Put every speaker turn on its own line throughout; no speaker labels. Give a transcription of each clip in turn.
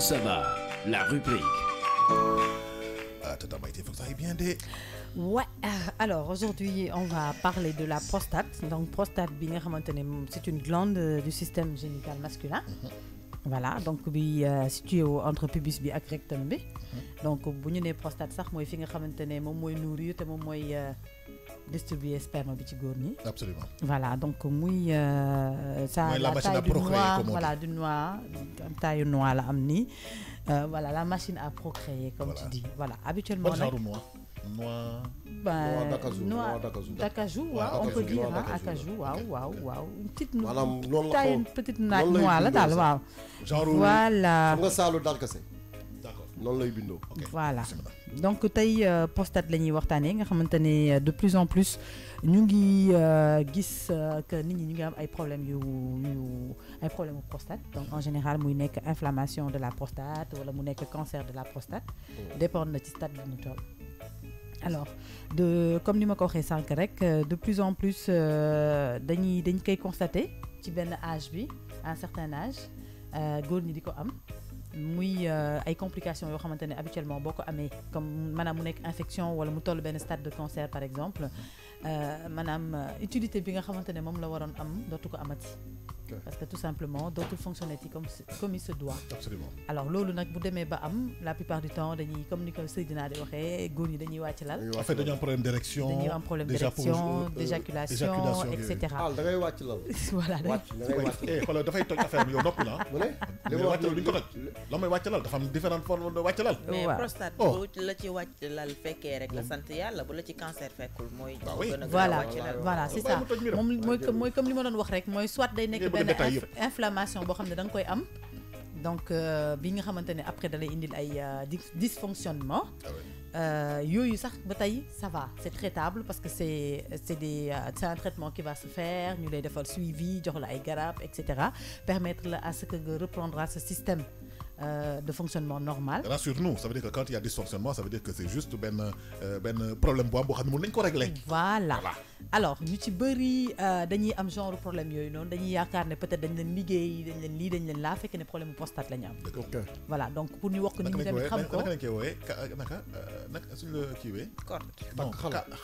ça va La rubrique. Ah, ouais,
euh, alors aujourd'hui, on va parler de la prostate. Donc, prostate, c'est une glande euh, du système génital masculin. Mhm. voilà donc bi euh, situé entre pubis bi rectum mhm. donc bu ñu prostate sax moy fi nga xamantene mom distribuer sperme bi ci góor ñi. absolument voilà donc muy. Euh, ça la, la taille du noix voilà du noix taille noix la am euh, voilà la machine à procréer comme tu dis voilà habituellement nag noix.
noix ben, d'acajou d'acajou, on peut dire acajou
waouh waouh waouh une petite noix taille une petite noix la daal waouh.
genre voilà xam nga saalu c'est non lay bindoo. voilà
donc tay euh, prostate la ñuy waxtaanee nga xamante euh, de plus en plus ñu ngi euh, gis que nit ñi ñu ngi am ay problèmes yu yu ay problèmes prostate donc en général muy nekk inflammation de la prostate wala mu nekk cancer de la prostate. Oh. dépend na ci stade bi ñu toll. alors de comme ni ma ko waxee rek de plus en plus dañuy dañ constaté constater ci benn âge bi à un certain âge góor ñi di am muy euh, ay complications yoo xamante ne habituellement boo ko amee comme maanaam mu nekk infection wala mu toll benn stade de cancer par exemple euh, maanaam euh, utilité bi nga xamante ne moom la waroon am dootu ko amati parce que tout simplement dootul fonctionner comme comme il se doit. absolument alors loolu nak bu démé ba am la plupart du temps dañuy comme ni ko Seydina di waxé góor ñi dañuy wacc lal. en fait dañuy un problème
d'érection dañuy un problème d'érection euh, euh, d'éjaculation etc. cetera. ah da ngay lal. voilà da ngay wàcc eh da fay toj affaire bi yow noppi la ah. Le ma wàcc lal duñ ko toj. la may wàcc lal da fam différentes formes de wacc lal. mais prostate oh.
bu la ci wacc lal fekkee rek la santé yalla bu la ci cancer fekkul moy bah voilà voilà c'est ça
moom moy comme li ma doon wax rek moy soit day nek inflammation donc euh, après da lay indil dysfonctionnement ça va c'est traitable parce que euh, c'est un traitement qui va se faire ñu lay defal suivi jox permettre à ce que reprendra ce système euh, de fonctionnement
normal. Rassure-nous, ça veut dire que quand il y a dysfonctionnement, ça veut dire que c'est juste ben, problème régler.
voilà alors ñu ci bëri euh, dañuy am genre problème yooyu noonu dañuy yaakaar ne peut-être dañ leen liggéey dañ leen lii dañ leen laa fekk ne problème prostate lañu am ok voilà donc pour ñu wokk nit ñi tamit xam ko naka lañ koy wooyee
naka euh, naka suñu la kiiwee. takk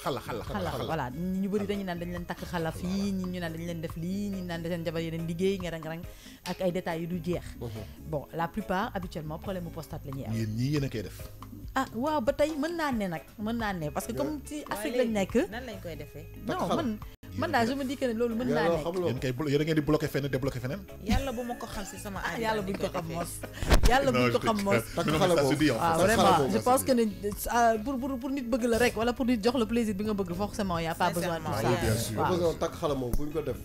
xala xala xala xala voilà
ñu bëri dañuy naan dañ leen takk xala fii ñi ñu naan dañ leen def lii ñi naan seen jabar yi leen liggéey rang ngerang ak ay détails yu du jeex. Mhm. bon la plupart habituellement problème prostate
la am. yéen ñii yéen a koy def.
ah waaw ba tey mën naa ne nag mën naa ne parce que comme ci Afrique lañ nekk nan lañ koy defee non man daal je me dis ne loolu mën naa nekk
yéen kay yéen ngeen di bloqué feneen
yàlla bu ma ko xam si sama ah yàlla buñ ko xam moos yàlla buñ ko xam moos takk xale ah, ah, la rek wala pour nit jox la plaisir bi nga bëgg forcément y a pas besoin ah,
moom buñ ko def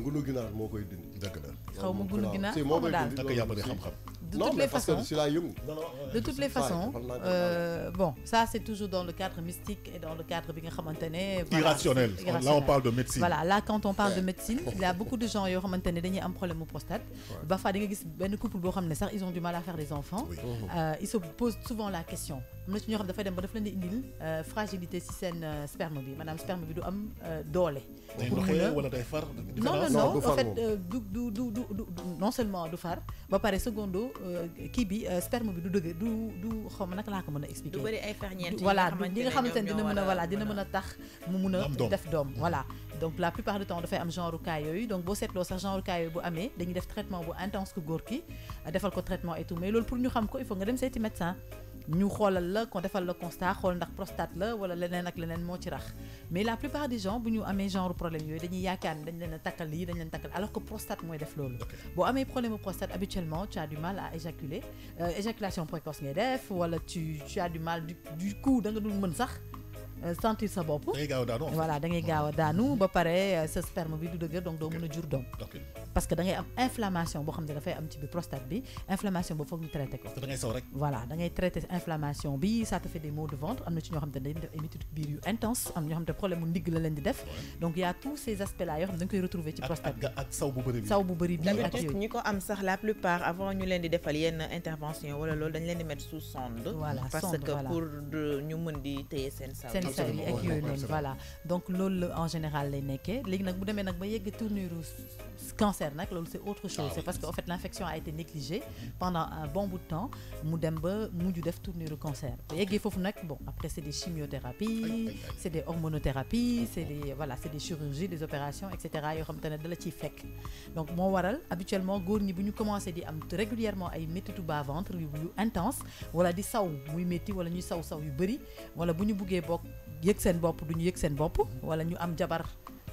ngunu ginaar moo koy dindi dëgg la xaw ma ngunu ginaar moo koy dindi takk yàmba bi xam-xam de non, toutes mais les parce façons. Que là, de toutes les façons, euh,
bon, ça c'est toujours dans le cadre mystique et dans le cadre bien voilà, irrationnel. Là on parle de médecine. Voilà, là quand on parle de médecine, il y a beaucoup de gens qui ont un problème au prostate. Bafa, ils ont du mal à faire des enfants. Oh. Euh, ils se posent souvent la question. Nous avons fait des fragilité si c'est euh, sperme bi, madame sperme bi du am euh, Non non non, en fait, euh, du, du, du, non seulement du far, bah secondo euh, kii bi euh, sperme bi du dëgg du du xaw ma naka laa ko mën a expliquer. du bëri ay ferñeent yi nga xamante ne voilà dina mën a voilà dina mën a tax mu mun a def doom voilà. donc la plupart du temps dafay am genre cas yooyu donc boo seetloo sax genre cas yooyu bu amee dañuy def traitement bu intense ku góor ki euh, defal ko traitement et tout mais loolu pour ñu xam ko il faut nga dem seeti médecin ñu xoolal la ko defal le constat xool ndax prostate la wala leneen ak leneen moo ci rax mais la plupart des gens bu ñu amee genre problème yooyu dañuy yaakaar dañ leen a takkal lii dañ leen takkal alors que prostate mooy def loolu boo amee problème prostate habituellement tu as du mal à éjaculer euh, éjaculation précoce ngay def wala tu tu as du mal du coup da nga dul mën sax euh, sentir sa bopp voilà da ngay gaaw a daanu ba pare sa euh, sperme bi du dëgër donc doo mën a jur doom parce que da ngay am inflammation boo xam ne dafay am ci bi prostate bi inflammation boobu foog ñu traité ko da ngay saw rek voilà da ngay traité inflammation bi ça te fait des maux de ventre am na ci ñoo xam ne dañuy def ay biir yu intense am
na ñoo xam ne problème mu ndigg la leen di def donc y a tous ces aspects là yoo xam ne da nga koy retrouver ci prostate
bi ak saw bu bëri bi saw
bu bëri bi ak yooyu ñi ko am sax la plupart avant ñu leen di defal yenn intervention wala loolu dañ leen di mettre sous sonde voilà parce que pour ñu mën di téye seen saw yi ak yooyu noonu voilà
donc loolu en général lay nekkee léegi nag bu demee nag ba yegg tournure cancer nak loolu c'est autre chose ah c'est parce que en fait l'infection a été négligée pendant un bon bout de temps mu dem ba mujj def tournure cancer ba yeggee foofu nag bon après c'est des chimiothérapies c'est des hormonothérapies c'est des voilà c'est des chirurgies des opérations et cetera yoo xam te ne la ciy fekk donc moo waral habituellement góor ñi bu ñu commencé di am régulièrement ay méttitu bas ventre yu intense wala di saw muy métti wala ñuy saw saw yu bëri wala bu ñu buggee bokk yëg seen bopp du ñu yëg seen bopp wala ñu am jabar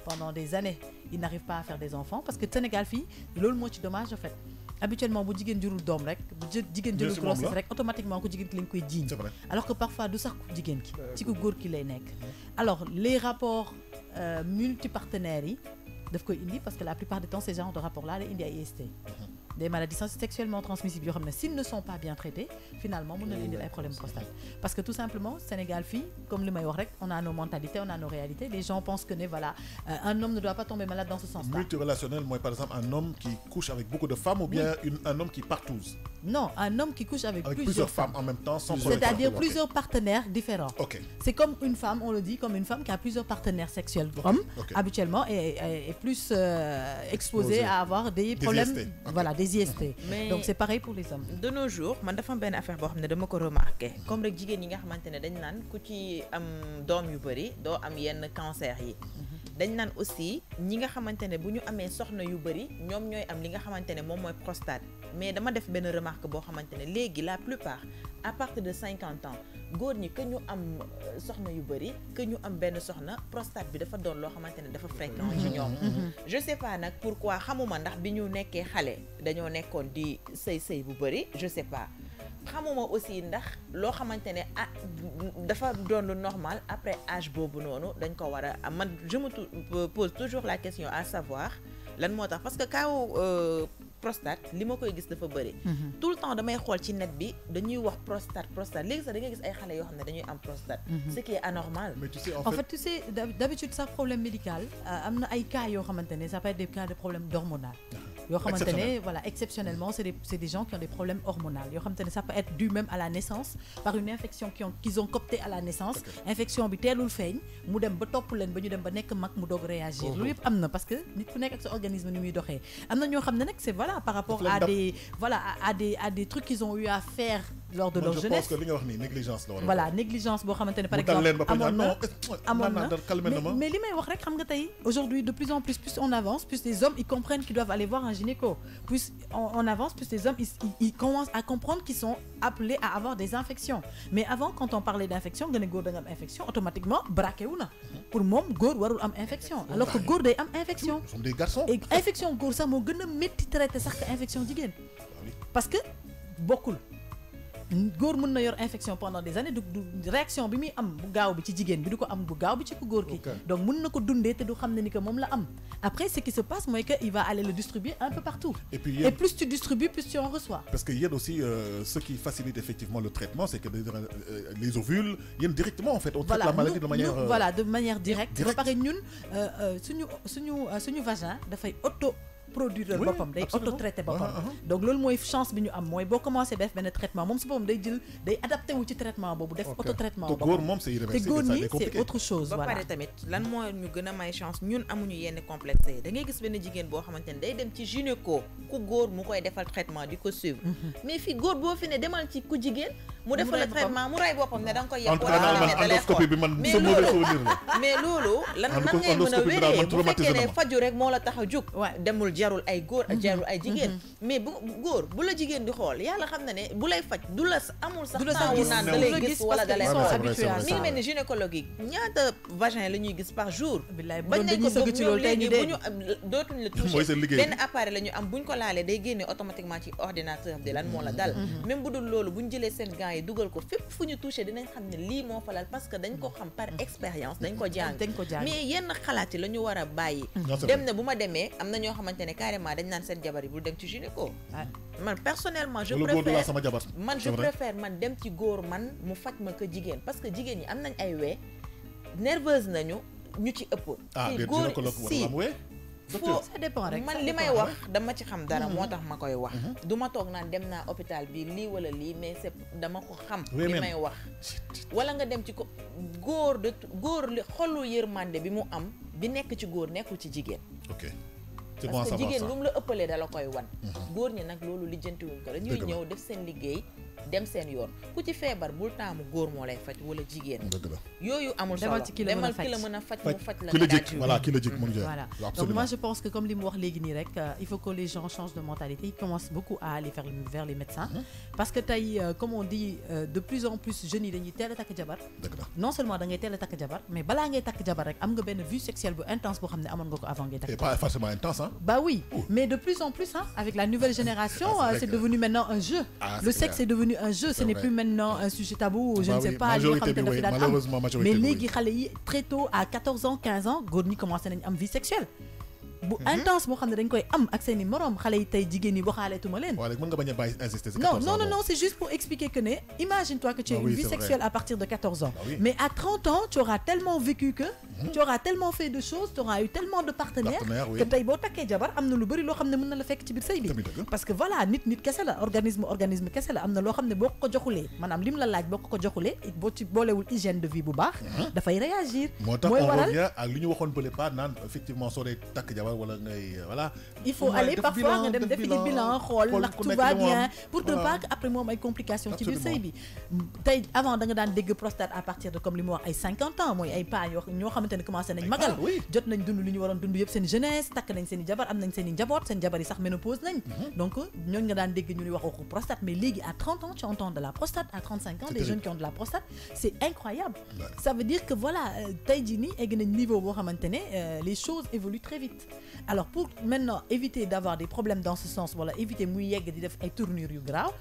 pendant des années ils n'arrivent pas à faire des enfants parce que Sénégal fii loolu moo ci dommage en fait habituellement bu jigéen jurul doom rek bu jigéen jurul grossesse rek automatiquement ko jigéen ki lañ koy alors que parfois du sax ku jigéen ki ci ku góor ki lay nekk alors les rapports euh, multipartenaires yi daf koy indi parce que la plupart du temps ces genres de rapports là lay indi ay IST des maladies sexuellement transmissibles mais s'ils ne sont pas bien traités finalement vous a des problèmes problème parce que tout simplement Sénégal fille comme le may on a nos mentalités on a nos réalités les gens pensent que voilà euh, un homme ne doit pas tomber malade dans ce sens-là
multirelationnel moi par exemple un homme qui couche avec beaucoup de femmes ou bien un homme qui partout. Non, un homme qui couche avec, plusieurs, femmes. en même temps, C'est-à-dire plusieurs
partenaires différents. C'est comme une femme, on le dit, comme une femme qui a plusieurs partenaires sexuels. Okay. Hommes, habituellement, est, est plus euh, à avoir des, des problèmes, IST. voilà, des IST. Donc c'est pareil pour les hommes.
De nos jours, man dafa ben affaire bo xamné dama ko remarquer. Comme rek jigen yi nga xamantene dañ nan ku ci am dom yu bari, do am yenn cancer yi. Mhm. dañ naan aussi ñi nga xamantene buñu amé soxna yu bëri ñom ñoy am li nga xamantene mom moy prostate mais dama def ben remarque la plupart à partir de 50 ans ñi ñu am euh, soxna yu bari que ñu am soxna prostate bi dafa mhm. Mhm. je sais pas pourquoi xamuma ndax di bu je sais pas aussi ndax ah, normal après âge bobu je me euh, pose toujours la question à savoir parce que quand prostate li ma koy gis dafa bëri. Mhm. tout le temps damay xool ci net bi dañuy wax prostate prostate léegi sax da ngay gis ay xale yoo xam ne dañuy am prostate. Mhm. ce qui est anormal. mais tu sais en fait en fait tu
sais d'habitude sax problème médical euh, am na ay cas yoo xamante ne ça peut être des cas de problème hormonal yoo xamante voilà exceptionnellement c'est des c'est des gens qui ont des problèmes hormonaux yoo xamante ça peut être dû même à la naissance par une infection qu'ils ont qu'ils ont copté à la naissance infection bi teelul feeñ mu dem ba topp leen ba ñu dem ba nek mak mu dog réagir lu yëpp parce que nit fu nek ak sa organisme ni muy doxee amna na ñoo xam c'est voilà par rapport à des voilà à des à des trucs qu'ils ont eu à faire lors de leur jeunesse je pense
que négligence la voilà
négligence bo xamante ne par exemple mais limay wax rek xam nga tay aujourd'hui de plus en plus plus on avance plus les hommes ils comprennent qu'ils doivent aller voir un gynéco plus on avance plus les hommes ils commencent à comprendre qu'ils sont appelés à avoir des infections mais avant quand on parlait d'infection les ne da infection automatiquement braqué ou non. pour mom góor warul am infection alors que góor day am infection infection góor ça mo gëna metti traité sax que infection digène ah parce que beaucoup góor mën na yor infection pendant des années du réaction bi muy am bu gaaw bi ci jigéen bi du ko am bu gaaw bi ci ku góor ki donc mën na ko dundee te du xam ne ni que moom la am après ce qui se passe mooy que il va aller le distribuer un peu partout et, puis, et plus tu distribues plus tu en reçois
parce que yéen aussi euh, ce qui facilite effectivement le traitement c'est que euh, euh, les ovules yéen directement en fait on voilà, traite la maladie nous, de manière nous, euh, voilà
de manière directe ba pare ñun euh, suñu suñu suñu vagin dafay auto produire bopam day auto traité bopam uh-huh, uh-huh. donc loolu moy chance bi ñu am moy bo commencé def ben traitement mom su bopam day jël
day adapter wu ci traitement bobu def auto traitement te góor mom c'est irréversible te góor ñi c'est autre chose voilà ba pare tamit lan moy ñu gëna may chance ñun amuñu yenn complexe da ngay gis ben jigen bo xamante day dem ci gynéco ku góor mu koy defal traitement di ko suivre mm-hmm. mais fi góor bo fi ne demal ci ku jigen mu defal la traitement mu ray boppam ne da nga koy yeb wala nga ne bi man mais loolu lan nan ngay mën a wéree bu fekkee ne faju rek moo la tax a jug demul jarul ay góor mm-hmm. jarul ay jigéen mm-hmm. mais bu góor bu la jigéen di xool yàlla xam na ne bu lay faj du la amul sax taawu naan da lay gis wala da lay la ñuy gis par jour bañ nañ ko bëgg ñoom léegi bu ñu dootuñ la touché benn appareil la ñu am buñ ko laalee day génne automatiquement ci ordinateur bi lan moo la dal mm-hmm. même clients dugal ko fépp fu ñu touché dinañ xam ne lii moo falal parce que dañ ko mm. xam par mm. expérience mm. dañ ko jàng mais yenn xalaat yi la ñu war a bàyyi dem na bu ma demee am na ñoo xamante ne carrément dañ naan seen jabar yi bul dem ci gynéco man personnellement je préfère sama jabar man je préfère man dem ci góor man mu faj ma ko jigéen parce que jigéen ñi am nañ ay we nerveuse nañu ñu ci ëpp ah, góor si foo rek man li may wax dama ci xam dara mhm. moo tax ma koy wax mhm. du ma toog naan dem naa hôpital bi lii wala lii mais c'est dama ko xam li may wax wala nga dem ci ko góor de góor li xolu yërmande bi mu am bi nekk ci góor nekkul ci jigéen ok jigéen lu la ëppalee dala koy wan mhm. góor ñi nag loolu lijjantiwuñ ko dañuy ñëw def seen liggéey dem seen yoon ku ci feebar bul taamu góor moo lay faj wala jigéen. dëgg Yo yooyu amul demal ki la mën a faj demal ki la mën a faj mu faj la. ki la jëkk voilà ki
la jëkk mën voilà donc moi je
pense que comme li mu wax léegi nii rek euh, il faut que
les gens changent de mentalité ils commencent beaucoup à aller vers vers les médecins. Mm-hmm. parce que tey euh, comme on dit euh, de plus en plus jeunes yi dañuy teel a takk jabar. non seulement da ngay teel a takk jabar mais balaa ngay takk jabar rek am nga benn vue sexuelle bu intense boo xam ne amoon nga ko avant ngay takk. et pas
forcément intense hein.
bah oui mais de plus en plus hein avec la nouvelle ah, génération c'est devenu maintenant un jeu. Ah, le sexe est devenu un jeu ce n'est plus maintenant un sujet tabou je bah ne sais pas mais les très tôt à 14 ans 15 ans góor commence une vie sexuelle bu mhm. intense dañ am ak morom yi ni bo non non non c'est juste pour expliquer que ne imagine toi que tu as bah une vie sexuelle à partir de 14 ans bah mais à 30 ans tu auras tellement vécu que tu auras tellement fait de choses tu auras eu tellement de partenaires que tu boo takkee jabar amna lu bëri lo xam ne mën na la fekk ci bir sëy bi parce que voilà nit nit kese la organisme organisme kese la am na loo ne boo ko joxulee maanaam lim la laaj boo ko joxulee bo ci boolewul hygiène de vie bu baax mm-hmm. fay réagir moy tax
ak li ñu waxoon bële pas naan effectivement sore dee jabar wala ngay euh, voilà il faut aller parfois nga dem bilan xool ndax tout va bien pour ne pas
après mom ay complications ci bir sëy bi tay avant da nga daan dégg prostate à partir de comme limo wax ay 50 ans moy ay pas yoo ñoo xam xamante ne commencé nañ magal ah, jot nañ dund li ñu waroon dund yëpp seen jeunesse takk nañ seen jabar am nañ seen i njaboot seen jabar yi sax ménopause nañ mhm. donc ñooñ nga daan dégg ñu ni wax waxu prostate mais léegi à 30 ans tu entends de la prostate à 35 ans des jeunes qui ont de la prostate c'est incroyable ça veut dire que voilà euh, tey jii nii egg nañ niveau boo xamante ne euh, les choses évoluent très vite alors pour maintenant éviter d'avoir des problèmes dans ce sens wala éviter muy yegg di def ay tournures yu grave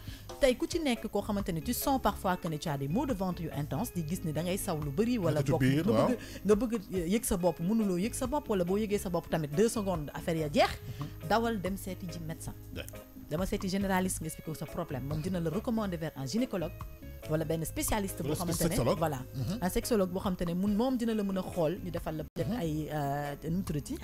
tey ku ci nekk koo xamante ne tu sens parfois que ne tu as des maux de ventre yu intense di gis ne da ngay saw lu bëri wala bokk nga bëgg nga bëgg yëg sa bopp mënuloo yëg sa bopp wala boo yëgee sa tamit deux secondes ya dawal dem médecin dama généraliste nga sa problème recommander vers un gynécologue wala benn spécialiste boo xamante ne voilà mhm. un sexologue boo xamante ne mun moom dina la mën a xool ñu defal la peut-être mhm. ay euh, nu mu tuddati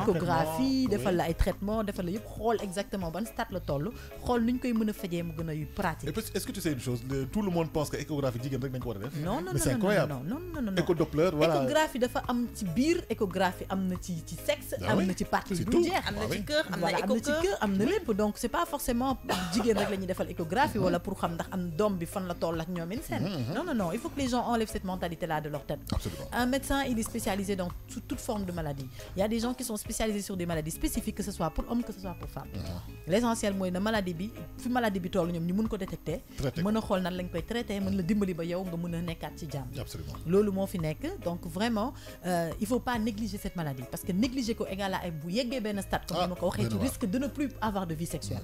échographie defal la ay traitement defal la yëpp xool exactement ban stade la toll xool nu ñu koy mën a fajee mu gën a pratique. et puis
est-ce que tu sais une chose tout le monde pense que échographie jigéen rek dañ ko war a def non non non c'est non non non échodoppler voilà échographie
dafa am ci biir échographie am na ci ci sexe ah ah ah am na ci partie bulbaire am na ci cœur am na ci cœur am na lépp donc c'est pas forcément jigéen rek la ñuy defal échographie mhm. wala pour xam ndax am doom bi fan la toll Mhm, mhm. non non non il faut que les gens enlèvent cette mentalité là de leur tête un médecin il est spécialisé dans toute forme de maladie il y a des gens qui sont spécialisés sur des maladies spécifiques que ce soit pour homme que ce soit pour femme mhm. l'essentiel mooy na maladie bi maladie bi ñu ko détecter a nan donc vraiment euh, il faut pas négliger cette maladie parce que négliger ko égal à bu stade ah, tu risques de ne plus avoir de vie sexuelle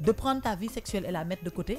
de prendre ta vie sexuelle et la mettre de côté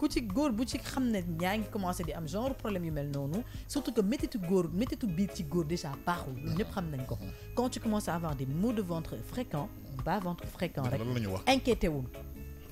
ku ci góor bu ci xam ne ñaa ngi commencé di am genre problème yu mel noonu surtout que méttitu góor méttitu biir ci góor déjà baaxul ñun ñëpp xam nañ ko quand tu commences à avoir des maux de ventre fréquents bas ventre fréquent rek inquiété wul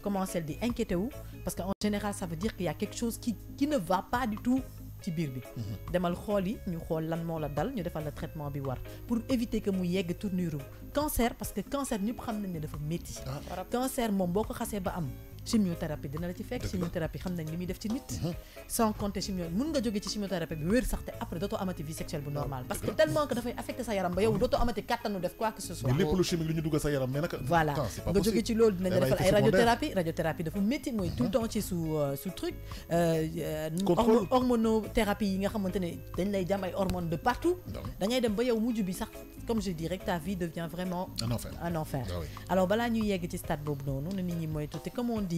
commencé di inquiété wu parce que en général ça veut dire qu'il y a quelque chose qui qui ne va pas du tout ci biir bi mhm. demal xool yi ñu xool lan moo la dal ñu defal la traitement bi war pour éviter que mu yegg tournure cancer parce que cancer ñëpp xam nañ ne dafa métti ah. cancer moom boo ko xasee ba am chimiothérapie dina la ci fekk chimiothérapie xam nañ li muy def ci nit mhm. sans compter chimio mun nga jóge ci chimiothérapie bi wér sax te après dootoo amati vie sexuelle bu ah, normal parce que tellement que dafay affecté sa yaram ba yow dootoo amati kattanu def
quoi que ce soit lépp lu chimique li ñu dugal sa yaram mais nag voilà nga jóge ci loolu dinañ defal ay radiothérapie
radiothérapie dafa métti mooy tout le mhm. temps ci sous euh, sous truc euh, euh, hormonothérapie yi nga xamante ne dañ lay jam ay hormones de partout bah da ngay dem ba yow mujj bi sax comme je dis rek ta vie devient vraiment un enfer un enfer bah alors balaa ñuy yegg ci stade boobu noonu na nit ñi moytu te comme on dit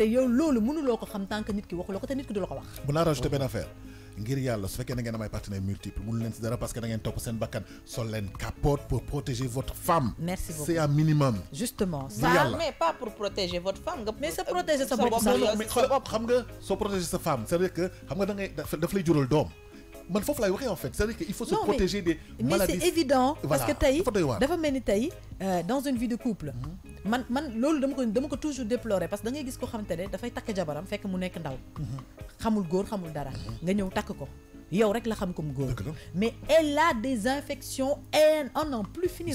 te yow loolu mënuloo ko xam tant que nit ki waxu la ko te nit ki du la ko wax.
bu naa rajouté benn affaire ngir yàlla su fekkee da ngeen am ay partenaires multiples mënu leen si dara parce que da ngeen topp seen bakkan sol leen capote pour protéger votre femme. merci beaucoup c'est un minimum. justement ça
mais pas pour protéger votre femme nga. mais sa protéger sa bopp sa
xam nga soo protéger sa femme c'est-à-dire que xam nga da ngay daf lay jural doom man en fait cest que il faut se protéger des mais c'est évident parce que taï
euh, dans une vie de couple mhm. man man toujours déplorer parce que da ngay gis ko jabaram mais elle a des infections oh On en plus finir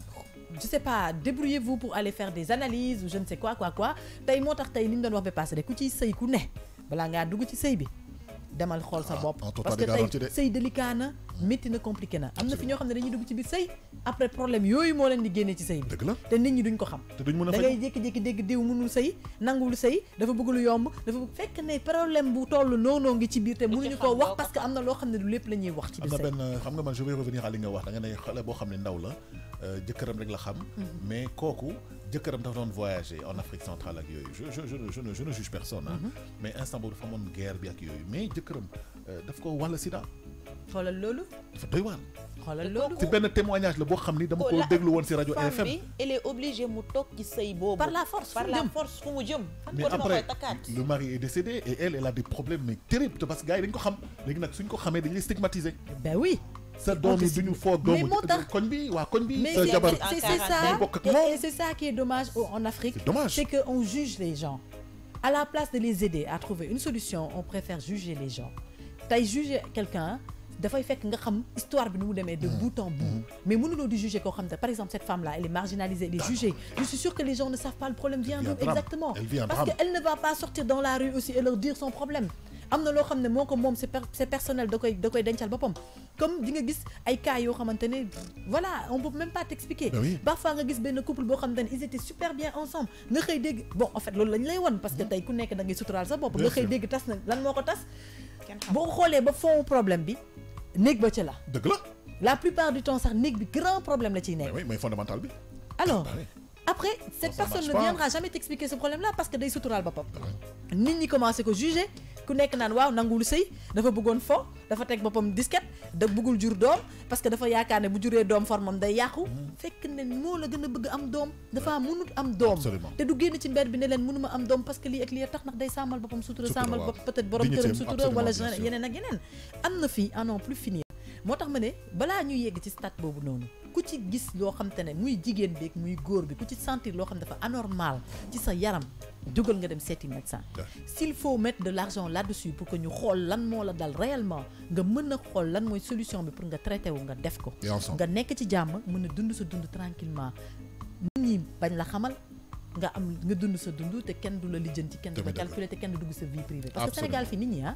je sais pas débrouillez-vous pour aller faire des analyses ou je ne sais quoi quoi quoi Tay moo tay tey li ñu doon wax passé des ku ciy ne dugg ci sëy bi demal sa ah, bop parce que tay délicat métti na compliqué na am na fi ñoo xam ne dañuy dugg ci biir sëy après problème yooyu moo leen di génnee ci sëy bi te nit ñi duñ ko xam da ngay jékki-jékki dégg diw mënul sëy nangul sëy dafa bëgg lu yomb dafa fekk ne problème bu toll noonoo ngi ci biir te mënuñu ko wax parce que am na loo xam ne du lépp la ñuy wax ci biir sëy am
benn xam nga man je vais revenir à li nga wax da nga ne xale boo xam ne ndaw la euh, jëkkëram rek la xam mhm. mais kooku jëkkëram dafa doon voyager en Afrique centrale ak yooyu je je je ne je ne juge personne hein. mhm. mais instant boobu dafa amoon guerre bi ak yooyu mais jëkkëram euh, daf ko wàll sida xoolal loolu. dafa doy waar. xoolal loolu ci benn témoignage la boo xam ni dama oh, ko déglu woon ci rajo RFM. femme bi
elle est obligée mu toog ci sëy boobu. par la force par la force fu mu jëm. mais après
le mari est décédé et elle elle a des problèmes mais terribles parce que gars yi dañ ko xam léegi nag suñ ko xamee dañ stigmatiser. Eh ben oui. sa doom yi du ñu foog doomu koñ bi waa koñ bi. sa jabar c'est ça
et c'est ça qui est dommage en Afrique. c'est que on juge les gens. à la place de les aider à trouver une solution on préfère juger les gens tey juger quelqu'un dafay fekk nga xam histoire bi nu mu demee de mm. bout en bout mm. mais mënuloo di juger koo xam ne par exemple cette femme là elle est marginalisée elle est jugée je suis sûr que les gens ne savent pas le problème vient d'où exactement parce que elle ne va pas sortir dans la rue aussi et leur dire son problème am na loo xam ne moo ko moom c'est personnel da koy da koy dencal boppam comme di nga gis ay cas yoo xamante ne voilà on peut même pas t'expliquer ben parfois nga gis benn couple boo xamante ne ils étaient super bien ensemble nga xëy dégg bon en fait loolu lañ lay won parce que mm. tey ku nekk da ngay sutural sa bopp nga xëy dégg tas na lan moo ko tas boo xoolee ba fond problème bi ba
la. la. plupart du temps c'est un bi grand problème la oui mais fondamental
alors bah après cette personne ne viendra jamais t'expliquer ce problème là parce que day suturaal bopam ah nit ñi commencé ko juger. ku nekk naan waaw nanguwul sëy dafa bëggoon fo dafa teg boppam disket da bëggul jur doom parce que dafa yaakaar ne bu juree doom formam day yàqu fekk ne moo la gën a bëgg am doom dafa mënut am doom te du génn ci mbedd bi ne leen mënuma am doom parce que lii ak lii tax ndax day sàmmal boppam sutura sàmmal bopp peut-être borom këram sutura wala yeneen ak yeneen am na fii à ah n'en plus finir moo tax ma ne balaa ñu yegg ci stade boobu noonu ku ci gis loo xam te ne muy jigéen beeg muy góor bi ku ci sentir loo xam dafa anormal ci sa yaram jógal nga dem seeti médecin s'il faut mettre de l'argent là-dessus pour que ñu xool lan moo la dal réellement nga mën a xool lan mooy solution bi pour nga traité wu nga def ko nga nekk ci jàmm mën na dund sa dund tranquillement nit ñi bañ la xamal nga am nga dund sa dund te kenn du la lijjanti kenn du la calculer te kenn dugg sa vie privée parce Sénégal fi nit ah,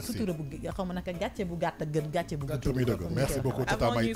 sutura bu xaw ma naka gàcce bu gàtt gën gàcce bu gudd. merci beaucoup Tata May